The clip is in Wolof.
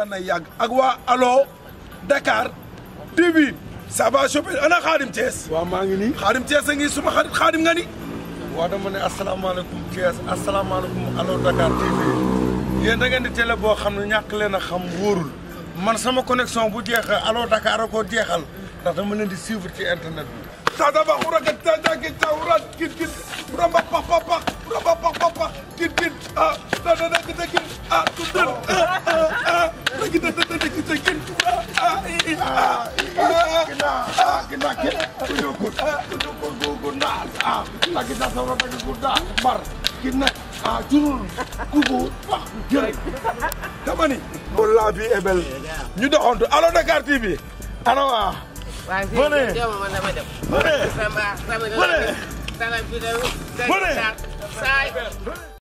waxtaan na yàgg ak Dakar TV. ça va choper ana Xaadim Ties. Wa maa ngi nii Xaadim Thiès a ngi suma xarit Xaadim nga ni. waaw dama ne asalaamaaleykum Thiès asalaamaaleykum allo Dakar TV yéen da ngeen di télé boo xam ne ñàkk leen a xam wóorul man sama connexion bu jeexee allo Dakar a ko jeexal ndax dama leen di suivre ci internet bi. tadaba huraka tadaki tawrat kit kit ramba pa pa pa ramba pa pa pa kit kit ah tadada kit kit ah tudun ñu doxantu allo Dakar TV ana waa bëre bëre bëre